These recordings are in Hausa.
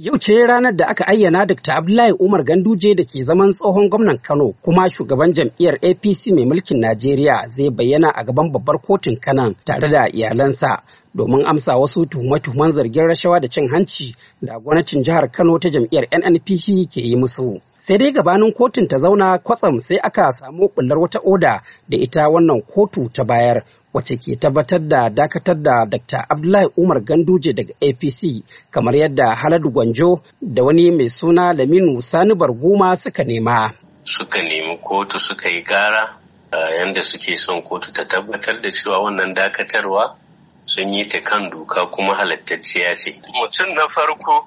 Yau ce ranar da aka ayyana Dr. Abdullahi Umar Ganduje da ke zaman tsohon gwamnan Kano kuma shugaban jam'iyyar APC mai mulkin Najeriya zai bayyana a gaban babbar kotun Kano tare da iyalansa domin amsa wasu tuhume-tuhumen zargin rashawa da cin hanci da gwamnatin jihar Kano ta jam'iyyar NNPP ke yi musu. Sai dai gabanin kotun ta zauna kwatsam sai aka samu bullar wata oda da ita wannan kotu ta bayar wacce ke tabbatar da dakatar da Dr. Abdullahi Umar Ganduje daga APC kamar yadda Haladu Gwanjo da wani mai suna Laminu Sani Barguma suka nema. Suka nemi kotu suka yi gara yadda suke son kotu ta tabbatar da cewa wannan dakatarwa sun yi ta kan doka kuma halattacciya ce. Mutum na farko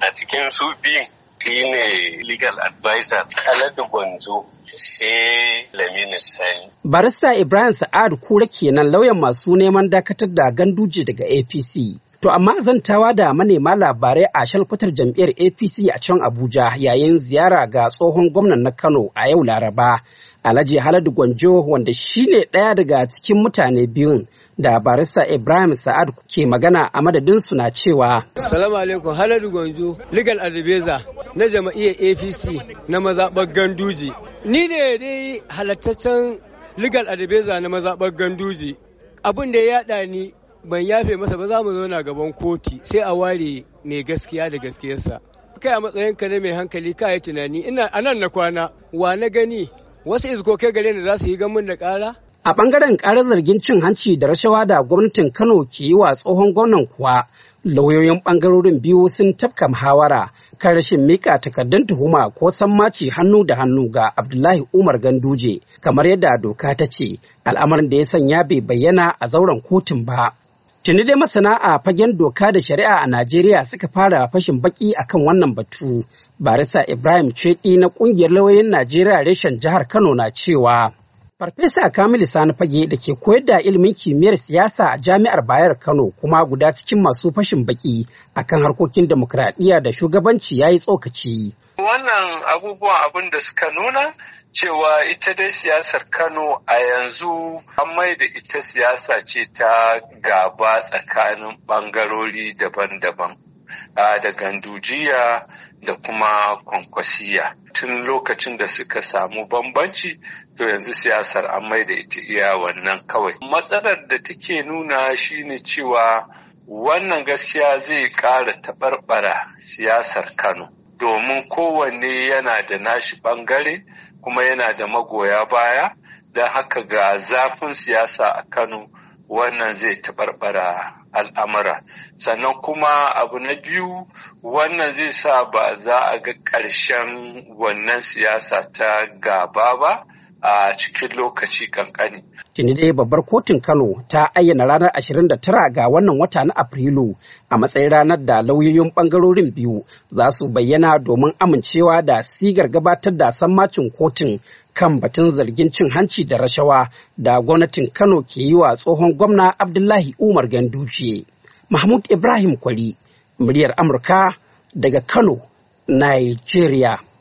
a cikin su biyun ne legal advisor Haladu Gwanjo. sai lamini Sani. Barista Ibrahim Sa'ad Kura kenan lauyan masu neman dakatar da ganduje daga APC. To amma zantawa da manema labarai a shalkwatar jam'iyyar APC a can Abuja yayin ziyara ga tsohon gwamnan na Kano a yau Laraba. Alhaji Haladu Gwanjo wanda shi ne ɗaya daga cikin mutane biyun da barista Ibrahim Sa'ad ke magana a madadin su na cewa. Salamu alaikum Haladu Gwanjo, legal advisor na jama'iyyar APC na mazaɓar Ganduje. Ni ne dai halattaccen legal adabeza na mazaɓar ganduji. Abin da ya yaɗa ni ban yafe masa ba za mu zauna gaban koti sai a ware mai gaskiya da gaskiyarsa. Kai a matsayin ka na mai hankali ka yi tunani ina anan na kwana wa na gani wasu iskokai gare ni za su yi gamin da ƙara A ɓangaren ƙarar zargin cin hanci da rashawa da gwamnatin Kano ke yi wa tsohon gwamnan kuwa, lauyoyin ɓangarorin biyu sun tafka muhawara kan rashin mika takardun tuhuma ko sammaci hannu da hannu ga Abdullahi Umar Ganduje, kamar yadda doka ta ce, al'amarin da ya sanya bai bayyana a zauren kotun ba. Tuni dai masana a fagen doka da shari'a a Najeriya suka fara fashin baki akan wannan batu. Barisa Ibrahim cheɗi na ƙungiyar lauyoyin Najeriya reshen jihar Kano na cewa. Farfesa Kamilu Sani Fage da ke koyar da ilimin kimiyyar siyasa a Jami'ar Bayar Kano kuma guda cikin masu fashin baki akan harkokin demokradiyya da shugabanci ya yi tsokaci. Wannan abubuwan abin da suka nuna cewa ita dai siyasar Kano a yanzu an da ita siyasa ce ta gaba tsakanin bangarori daban-daban. da gandujiya da kuma kwankwasiya tun lokacin da suka samu bambanci to yanzu siyasar an mai da ita iya wannan kawai matsalar da take nuna shine cewa wannan gaskiya zai ƙara taɓarɓara siyasar kano domin kowanne yana da nashi ɓangare kuma yana da magoya baya don haka ga zafin siyasa a kano wannan zai taɓarɓara al'amura sannan kuma abu na biyu wannan zai sa ba za a ga ƙarshen wannan siyasa ta gaba ba a cikin lokaci kankani. Tuni dai babbar kotun Kano ta ayyana ranar 29 ga wannan wata na Afrilu a matsayin ranar da lauyoyin bangarorin biyu za su bayyana domin amincewa da sigar gabatar da sammacin kotun kan batun zargin cin hanci da rashawa da gwamnatin Kano ke yi wa tsohon gwamna Abdullahi Umar Ganduje. Mahmud Ibrahim Kwari, muryar Amurka daga Kano, Nigeria.